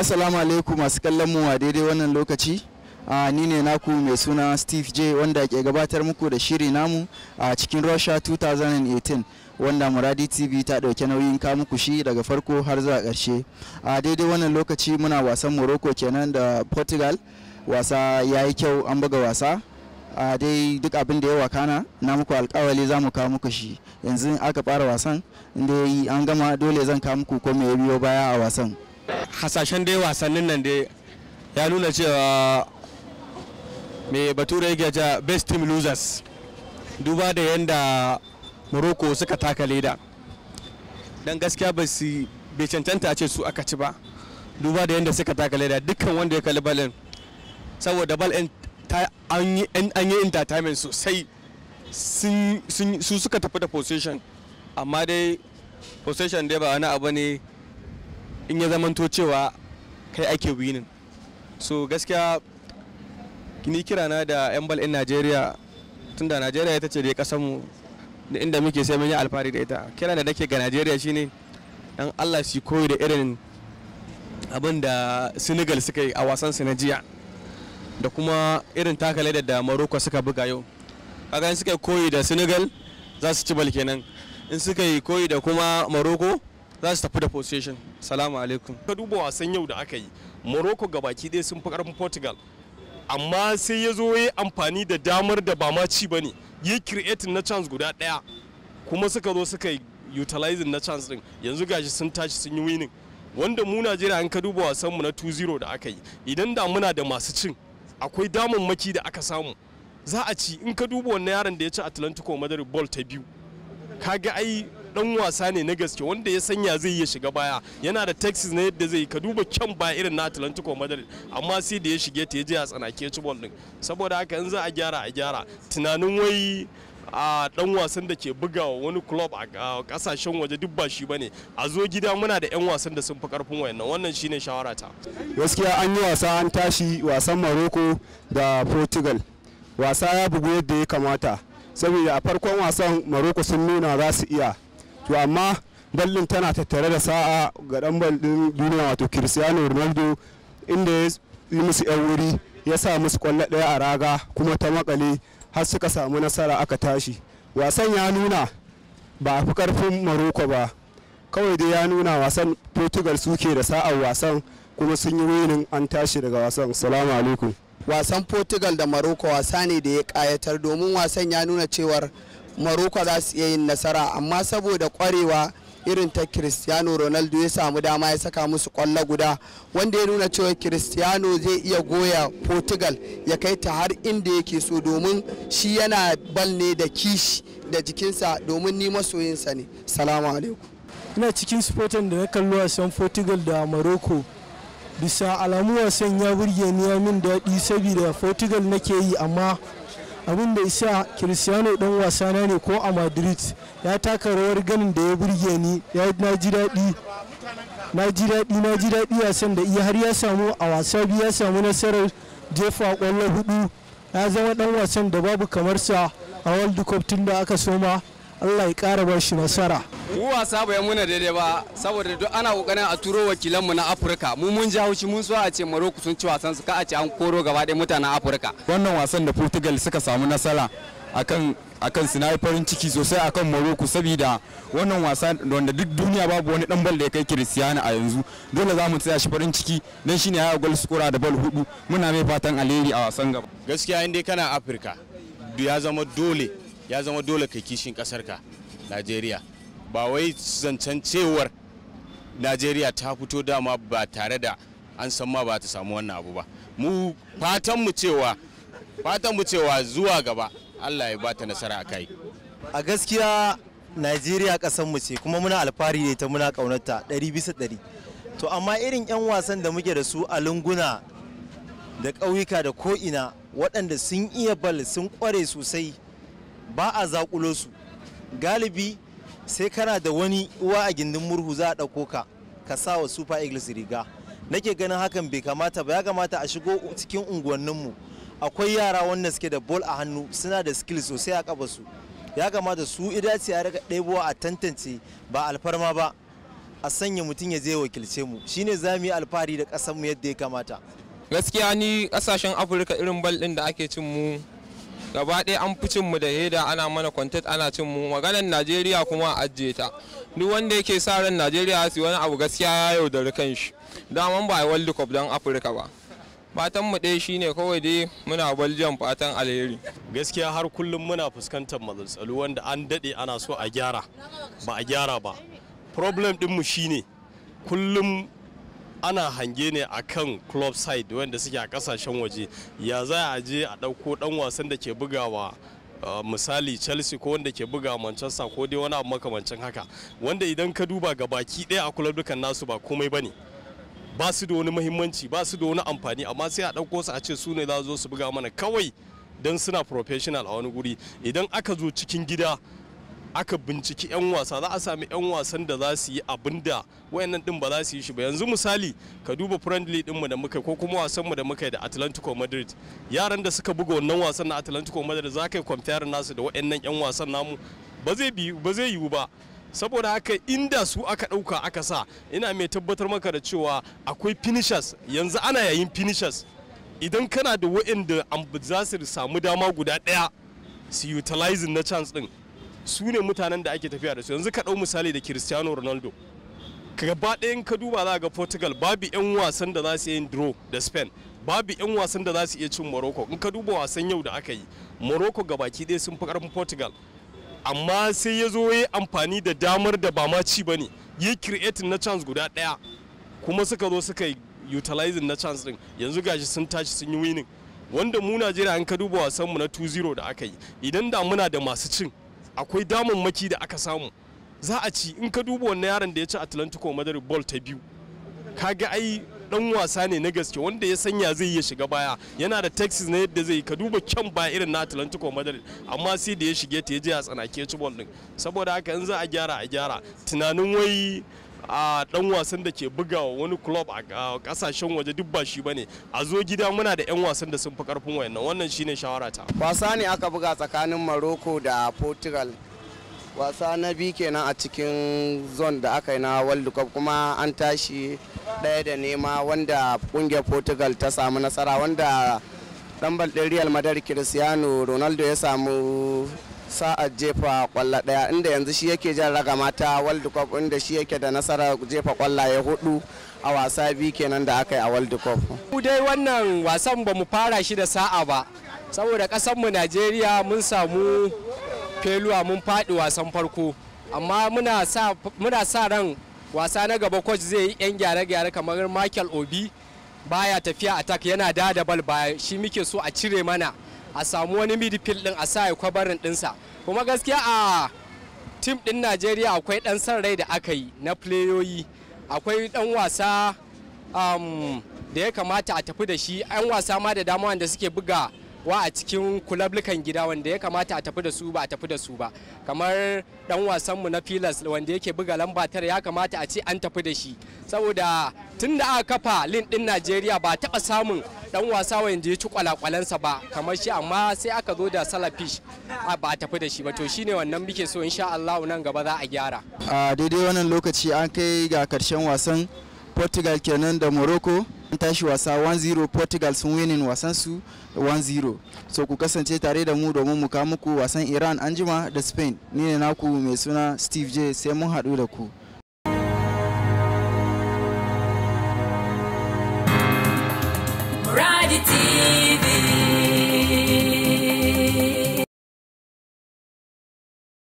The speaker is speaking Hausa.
Assalamu alaikum masu kallon mu a daidai wannan lokaci. Uh, ni ne naku mai suna Steve J wanda ke gabatar muku da shiri namu a uh, cikin Russia 2018 wanda Muradi TV ta ɗauki nauyin ka muku shi daga farko har zuwa karshe A uh, daidai wannan lokaci muna wasan Morocco kenan da Portugal wasa ya yi kyau an buga wasa. a dai duk abin da ya wakana na muku alkawali za mu kawo muku shi yanzu aka fara wasan inda an gama dole zan kawo muku ko me ya biyo baya a wasan hasashen dai wasannin nan dai ya nuna cewa mai bature yake ja best team losers duba da yadda morocco suka taka leda don gaskiya ba su bai cancanta a ce su aka ci ba duba da yadda suka taka leda dukkan wanda ya kalli balin saboda bal an yi entertainment sosai su suka tafi da position amma dai position dai ba wani abu ne in ya zamanto cewa kai ake winin so gaskiya ni kirana da 'yan in najeriya tunda najeriya ita ce da kasanmu da inda muke sai mun yi alfahari da ita kira da nake ga najeriya shine dan allah shi koyi da irin abin da senegal suka yi a wasan su na jiya da kuma irin takalai da maroko suka buga yau kaga in suka koyi da senegal za su ci bal kenan in suka yi koyi da kuma Maroko. za su tafi da possession salamu alaikum ka duba wasan yau da aka yi morocco ga baki ɗaya sun fi karfin portugal amma sai ya zo ya amfani da damar da ba ma ci ba ne ya creating na chance guda ɗaya kuma suka zo suka yi utilizing na chance ɗin yanzu gashi sun tashi sun yi winning wanda mu najeriya an ka duba wasan mu na 2-0 da aka yi idan da muna da masu cin akwai maki da aka samu za a ci in ka duba wannan yaron da ya ci atlantico madrid ball ta biyu kaga ai dan wasa ne na gaske wanda ya sanya zai iya shiga baya yana da texas na yadda zai ka duba kyan baya irin na atlantico madrid amma sai da ya shige ta ya je a tsanake ci bol din saboda haka in za a gyara a gyara tunanin wai a dan wasan da ke buga wani club a kasashen waje duk ba shi bane a zo gida muna da 'yan wasan da sun fi karfin wayannan wannan shine ta gaskiya an yi wasa an tashi wasan maroko da portugal wasa ya bugu yadda ya kamata saboda a farkon wasan maroko sun nuna za su iya to amma ballin tana tattare da sa'a ga dan ballin duniya wato cristiano ronaldo inda ya yi musu yan wuri ya sa musu kwallo ɗaya a raga kuma ta makale har suka samu nasara aka tashi wasan ya nuna ba a fi karfin maroko ba kawai dai ya nuna wasan portugal suke da sa'ar wasan kuma sun yi winin an tashi daga wasan salamu alaikum wasan portugal da maroko wasa ne da ya kayatar domin wasan ya nuna cewar maroko za su iya yin nasara amma saboda kwarewa irin ta cristiano ronaldo ya samu dama ya saka musu kwallo guda wanda ya nuna cewa cristiano zai iya goya portugal ya kai ta har inda yake so domin shi yana bal ne da kishi da jikinsa domin ni masoyinsa ne salamu alaikum ina cikin sportan da na kallo wasan portugal da maroko bisa alamu wasan ya burge ni ya min daɗi saboda portugal nake yi amma abin da isa cristiano dan wasa na ne ko a madrid ya taka rawar ganin da ya burge ni ya na ji daɗi na ji daɗi na ji daɗi wasan da iya har ya samu a wasa biyu ya samu nasarar jefa ƙwallo hudu ya zama dan wasan da babu kamar sa a world cup tun da aka soma allah ya ƙara ba shi nasara mu wasa bai muna daidai ba saboda duk ana kokarin a turo wakilanmu na afirka mu mun ji haushi mun so a ce maroko sun ci wasan su ka a ce an koro gaba ɗaya mutanen afirka wannan wasan da portugal suka samu nasara akan akan su nayi farin ciki sosai akan Morocco saboda wannan wasa wanda duk duniya babu wani dan bal da ya kai Cristiano a yanzu dole za mu tsaya shi farin ciki dan shine ya gol sukura da bal hudu muna mai fatan alheri a wasan gaba gaskiya in kana Afirka ya zama dole ya zama dole kai kishin kasarka Najeriya ba wai zancen cewar najeriya ta fito dama ba tare da an san ma ba ta samu wannan abu ba mu fatan mu cewa fatan mu cewa zuwa gaba allah ya bata nasara a kai a gaskiya najeriya kasan mu ce kuma muna alfahari da ita muna kaunarta ɗari bisa ɗari to amma irin 'yan wasan da muke da su a lunguna da ƙauyuka da ko'ina waɗanda sun iya bal sun ƙware sosai ba a zaƙulo su galibi sai kana da wani uwa a gindin murhu za a ɗauko ka ka sa wa super eagles riga nake ganin hakan bai kamata ba ya kamata a shigo cikin unguwanninmu akwai yara wanda suke da bol a hannu suna da skill sosai a kaba su ya kamata su idace a rika ɗebowa a tantance ba alfarma ba a sanya mutum ya je wakilce mu shine za mu yi alfahari da ƙasarmu yadda ya kamata gaskiya ni ƙasashen afirka irin bal ɗin da ake cin mu gaba ɗaya an fi cin mu da heda ana mana kwantat ana cin mu maganar najeriya kuma a ajiye ta duk wanda yake sa ran najeriya su wani abu gaskiya ya yaudari kan shi daman ba a world cup don afirka ba fatan mu ɗaya shine kawai dai muna baljan fatan alheri gaskiya har kullum muna fuskantar matsaltsalu wanda an daɗe ana so a gyara ba a gyara ba problem ɗinmu shine kullum ana hange ne a kan club side wanda suke a kasashen waje ya za a je a ɗauko ɗan wasan da ke bugawa misali chelsea ko wanda ke buga manchester ko dai wani abu makamancin haka wanda idan ka duba ga baki ɗaya a club dukan nasu ba komai ba ne ba su da wani muhimmanci ba su da wani amfani amma sai a ɗauko su a ce su ne za zo su buga mana kawai don suna professional a wani guri idan aka zo cikin gida aka binciki 'yan wasa za a sami 'yan wasan da za su yi abin da wayannan din ba za su yi shi ba yanzu misali ka duba friendly mu da muka ko kuma wasan mu da muka da atlantico madrid yaran da suka buga wannan wasan na atlantico madrid za ka yi nasu da wayannan 'yan wasan namu ba zai yiwu ba saboda haka inda su aka ɗauka aka sa ina mai tabbatar maka da cewa akwai finishers yanzu ana yayin finishers idan kana da wayanda za su samu dama guda ɗaya su utilizing na chance din su ne mutanen da ake tafiya da su yanzu ka ɗau misali da cristiano ronaldo gaba ɗayan ka duba za ga portugal babu 'yan wasan da za su yi draw da spain babu 'yan wasan da za su iya cin morocco in ka duba wasan yau da aka yi morocco gabaki ɗaya sun fi ƙarfin portugal amma sai ya zo ya amfani da damar da ba ma ci ba ne ya creating na chance guda ɗaya kuma suka zo suka utilizing na chance ɗin yanzu gashi sun tashi sun yi winning wanda mu najeriya an ka duba wasan mu na 2-0 da aka yi idan da muna da masu cin akwai damammaki da aka samu za a ci in ka duba wannan yaron da ya ci atlantico madrid ball ta biyu ka ga ai dan wasa ne na gaske wanda ya sanya zai iya shiga baya yana da texas na yadda zai ka duba kyan baya irin na atlantico madrid amma sai da ya shige ta ya je a tsanake ci ball din saboda haka in za a gyara a gyara tunanin wai a dan wasan da ke buga wani club a kasashen waje duk ba shi bane a zo gida muna da yan wasan da sun fi karfin wayannan wannan shine shawara ta wasa ne aka buga tsakanin Morocco da Portugal wasa na biyu kenan a cikin zone da aka yi na World Cup kuma an tashi ɗaya da nema wanda kungiyar Portugal ta samu nasara wanda ɗan Real Madrid Cristiano Ronaldo ya samu sa'ar jefa kwallo daya inda yanzu shi yake jan ragama ta world cup inda shi yake da nasarar jefa kwallaye hudu a wasa biyu kenan da aka yi a world cup mu dai wannan wasan ba mu fara shi da sa'a ba saboda mu najeriya mun samu feluwa mun fadi wasan farko amma muna sa ran wasa na gaba coach zai yi 'yan gyare-gyare kamar michael obi baya tafiya attack yana da bal baya shi muke so a cire mana a samu wani midfield din a sa ya kwabarin dinsa kuma gaskiya a tim din najeriya akwai dan san rai da aka yi na playoyi akwai dan wasa um, da ya kamata a tafi da shi 'yan wasa ma da dama wanda suke buga wa a cikin kulablukan gida wanda ya kamata a tafi da su ba a tafi da su ba kamar dan wasanmu na filas wanda yake buga lamba tara ya kamata a ce an tafi da shi saboda tun da aka kafa lin din najeriya ba taba samun dan wasa wanda ya ci kwalakwalansa ba kamar shi amma sai aka zo da salafish ba a tafi da shi ba to shine wannan muke so insha Allah nan gaba za a gyara a daidai wannan lokaci an kai ga karshen wasan portugal kenan da morocco an tashi wasa 1-0 portugal sun winin wasan su 1-0 so ku kasance tare da mu domin mu kawo muku wasan iran anjima da spain ni ne naku mai suna steve j sai mun haɗu da ku Muradi